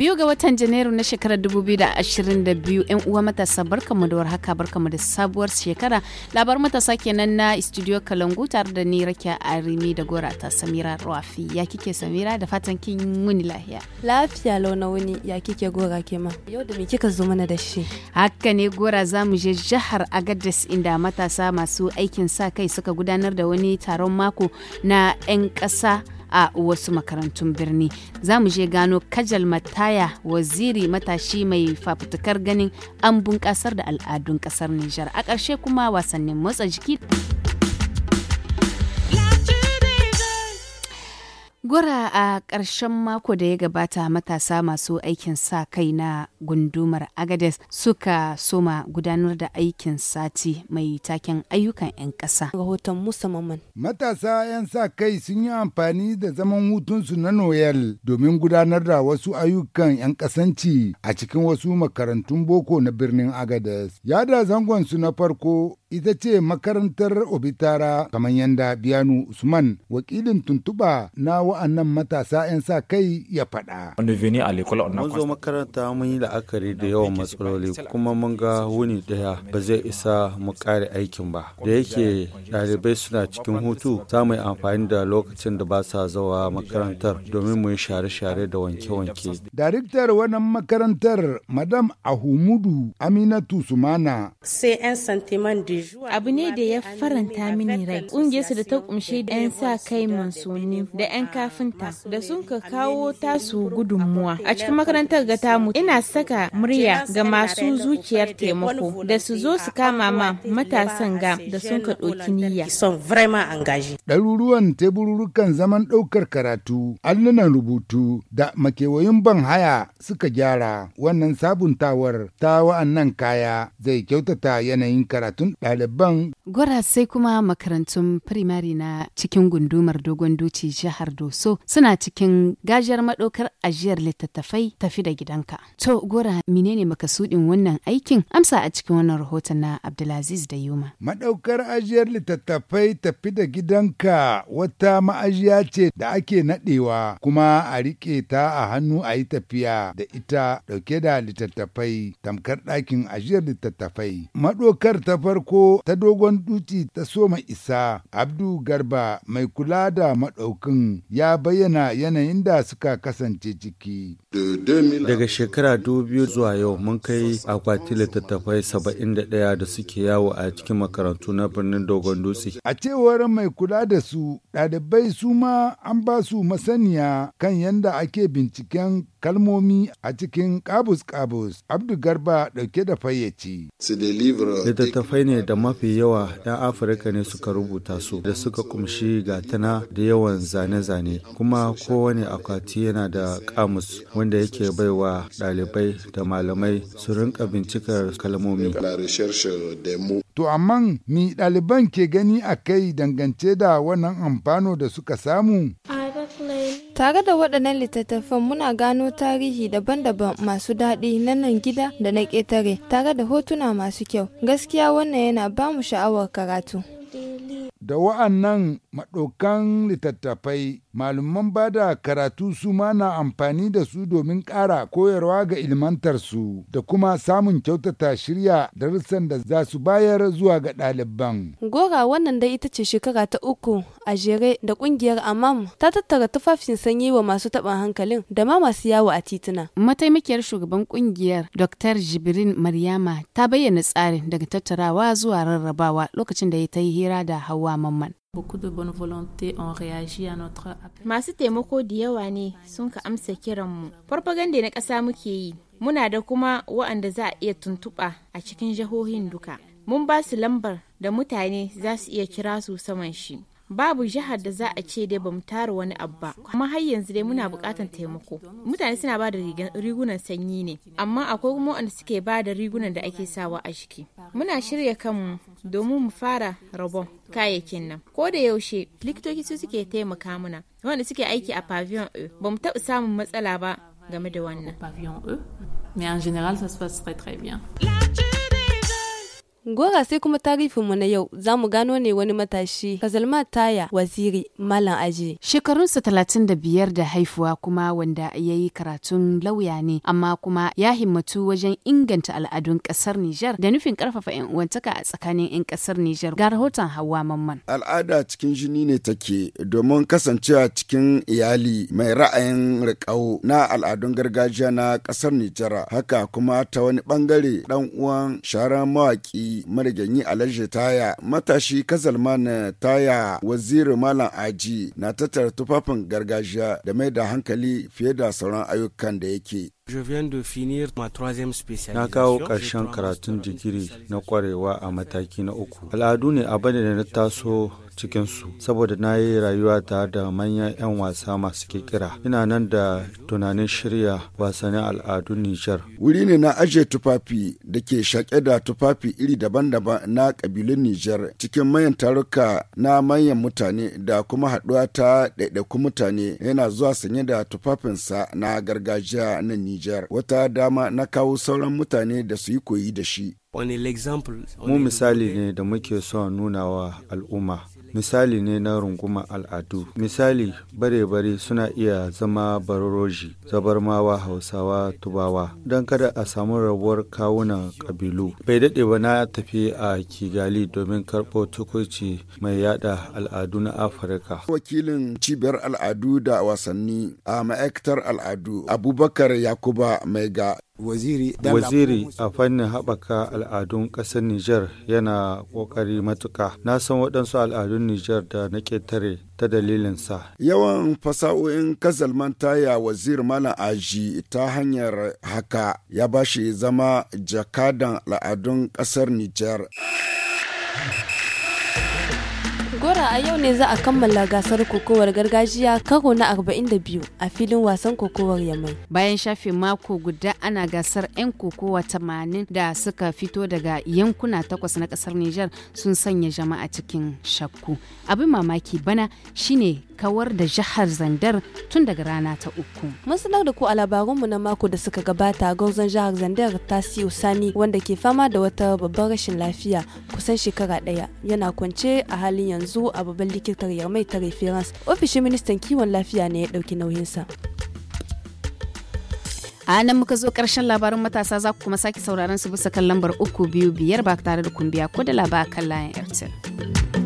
biyu ga watan janairu na shekarar 2022 'yan uwa matasa mu da barka mu da sabuwar shekara labar matasa kenan na studio kalangu tare da ni rakiya arimi da gora ta samira rafi ya kike samira da fatan kin muni lahiya lafiya launa wuni ya kike gora ke ma yau da me kika zo mana da shi haka ne gora za mu je jihar agadis inda matasa masu aikin sa kai suka gudanar da wani taron mako na 'yan ƙasa a wasu makarantun birni za mu je gano kajal mataya waziri matashi mai fafutukar ganin an bunƙasar da al'adun ƙasar nijar a ƙarshe kuma wasannin motsa jiki Gura a ƙarshen mako da ya gabata matasa masu aikin sa kai na gundumar Agades suka soma gudanar da aikin sati mai taken ayyukan 'yan ƙasa. Rahoton musamman. Matasa 'yan sa kai sun yi amfani da zaman hutunsu na Noyel domin gudanar da wasu ayyukan 'yan ƙasanci a cikin wasu makarantun boko na birnin Agades. Yada zangon su na farko ita ce makarantar Obitara kamar yanda Biyanu Usman wakilin tuntuba na wa'annan matasa 'yan sa kai ya faɗa. Mun zo makaranta mun yi la'akari da yawan matsaloli kuma mun ga wuni daya ba zai isa mu ƙare aikin ba. Da yake ɗalibai suna cikin hutu za mu yi amfani da lokacin da ba sa zawa makarantar domin mu yi share-share da wanke-wanke. Daraktar wannan makarantar Madam Ahumudu Aminatu Sumana. Abu ne da ya faranta mini rai. Ƙungiyarsa da ta ƙumshi 'yan sa kai mansoni da 'yan zafinta da sun ka kawo tasu gudunmuwa a cikin makarantar ga tamu ina saka murya ga masu zuciyar taimako da su zo su kama ma matasan ga da sun ka ɗoki niyya. Ɗaruruwan teburukan zaman ɗaukar karatu, allunan rubutu da makewayin ban haya suka gyara wannan sabuntawar ta wa'annan kaya zai kyautata yanayin karatun ɗaliban. Gwara sai kuma makarantun firimari na cikin gundumar dogon duci jihar Do so suna cikin gajiyar maɗaukar ajiyar littattafai tafi da gidanka. To gora menene makasudin wannan aikin amsa a cikin wannan rahoton na Abdulaziz da Yuma. Maɗaukar ajiyar littattafai tafi da gidanka wata ma'ajiya ce da ake nadewa kuma a rike ta a hannu a yi tafiya da ita dauke da littattafai tamkar ɗakin ajiyar littattafai. Maɗaukar ta farko ta dogon duti ta soma isa Abdu Garba mai kula da maɗaukin ya bayyana yanayin da suka kasance ciki. Daga shekara 2000 zuwa yau mun kai akwati littattafai saba'in da ɗaya da suke yawo a cikin makarantu na birnin Dogon Dutse. A cewar mai kula da su, ɗalibai su ma an ba su masaniya kan yadda ake binciken kalmomi a cikin kabus-kabus. Abdu Garba ɗauke da fayyaci. Littattafai ne da mafi yawa 'yan Afirka ne suka rubuta su da suka kumshi gatana da yawan zane-zane kuma kowane akwati yana da kamus. wanda yake baiwa ɗalibai da malamai su rinka bincikar kalmomi. To amma ni ɗaliban ke gani a kai dangance da wannan amfano da suka samu? Tare da waɗannan littattafan muna gano tarihi daban-daban masu daɗi na nan gida da na ƙetare tare da hotuna masu kyau. Gaskiya wannan yana ba mu sha'awar karatu. Da wa'annan maɗokan littattafai malaman ba da karatu su ma na amfani da su domin ƙara koyarwa ga ilmantarsu da kuma samun kyautata shirya darussan da za su bayar zuwa ga ɗaliban. Gora wannan da ita ce shekara ta uku a jere da ƙungiyar Amam ta tattara tufafin sanyi wa masu taɓin hankalin da ma masu yawo a tituna. Mataimakiyar shugaban ƙungiyar Dr. Jibrin Maryama ta bayyana tsarin daga tattarawa zuwa rarrabawa lokacin da ta yi hira da hawa Mamman. notre Masu taimako da yawa ne sun ka amsa kiranmu. Farfaganda na ƙasa muke yi, muna da kuma wa'anda za a iya tuntuɓa a cikin jihohin duka. Mun ba su lambar da mutane za su iya kira su saman shi. babu jihar da za a ce dai bamu tara wani abu ba kuma har yanzu dai muna buƙatar taimako mutane suna ba da rigunan sanyi ne amma akwai kuma wanda suke ba da rigunan da ake sawa a jiki muna shirya kanmu domin mu fara rabon kayayyakin nan ko da yaushe likitoci su suke taimaka mana wanda suke aiki a pavillon e bamu taɓa samun matsala ba game da wannan pavillon e? mais en général ça se passe très très bien Gora sai kuma tarifinmu na yau za mu gano ne wani matashi Kazalma Taya Waziri Malam Aji. Shekarunsa talatin da biyar da haifuwa kuma wanda ya yi karatun lauya ne amma kuma ya himmatu wajen inganta al'adun kasar Nijar da nufin karfafa 'yan uwantaka a tsakanin 'yan kasar Nijar ga rahoton Hauwa Mamman. Al'ada cikin jini ne take domin kasancewa cikin iyali mai ra'ayin riƙau na al'adun gargajiya na kasar Nijar haka kuma ta wani bangare dan uwan sharan mawaƙi marigayi marigayi alhaji taya matashi na taya waziri malam aji na tattara tufafin gargajiya da mai da hankali fiye da sauran ayyukan da yake Na kawo ƙarshen karatun digiri na ƙwarewa a mataki na uku. Al'adu ne abin da na taso cikinsu saboda na yi rayuwa ta da manyan 'yan wasa masu kikira ina nan da tunanin shirya wasannin al'adun nijar wuri ne na ajiye tufafi da ke shaƙe da tufafi iri daban-daban na ƙabilun nijar cikin manyan taruka na manyan mutane da kuma haɗuwa ta ɗaiɗaikun mutane yana zuwa sanye da tufafinsa na gargajiya na nijar Nijar wata dama na kawo sauran mutane da su yi koyi da shi. Mu misali ne da muke son nuna wa al'umma misali ne na runguma al'adu. Misali, bare-bare suna iya zama baroroji, zabarmawa, hausawa, tubawa, don kada a samu rabuwar kawunan kabilu Bai daɗe ba na tafi a Kigali domin karɓo tukuci mai yada al'adu na Afirka. Wakilin cibiyar al'adu da wasanni a ma'aikatar al'adu Abubakar Yakuba mai ga waziri a fannin haɓaka al'adun ƙasar Nijar yana ƙoƙari matuka. Na san waɗansu al'adun Nijar da na ƙetare ta sa Yawan fasa'o'in kazalman ya wazir Malam Aji ta hanyar haka ya ba shi zama jakadan al'adun ƙasar Nijar. Talata a yau ne za a kammala gasar kokowar gargajiya karo na 42 a filin wasan kokowar Yamai. Bayan shafe mako guda ana gasar 'yan kokowa tamanin da suka fito daga yankuna takwas na kasar Nijar sun sanya jama'a cikin shakku. Abin mamaki bana shine kawar da jihar Zandar tun daga rana ta uku. Mun sanar da ku a labarunmu na mako da suka gabata gaurzon jihar Zandar siyo Sani wanda ke fama da wata babbar rashin lafiya kusan shekara ɗaya yana kwance a halin yanzu a babban likitar Yarmai ta Reference. Ofishin ministan kiwon lafiya ne ya ɗauki nauyinsa. a nan muka zo karshen labarin matasa za ku kuma sake sauraron su bisa kan lambar uku biyu biyar ba tare da kumbiya ko da labar kan layan airtel.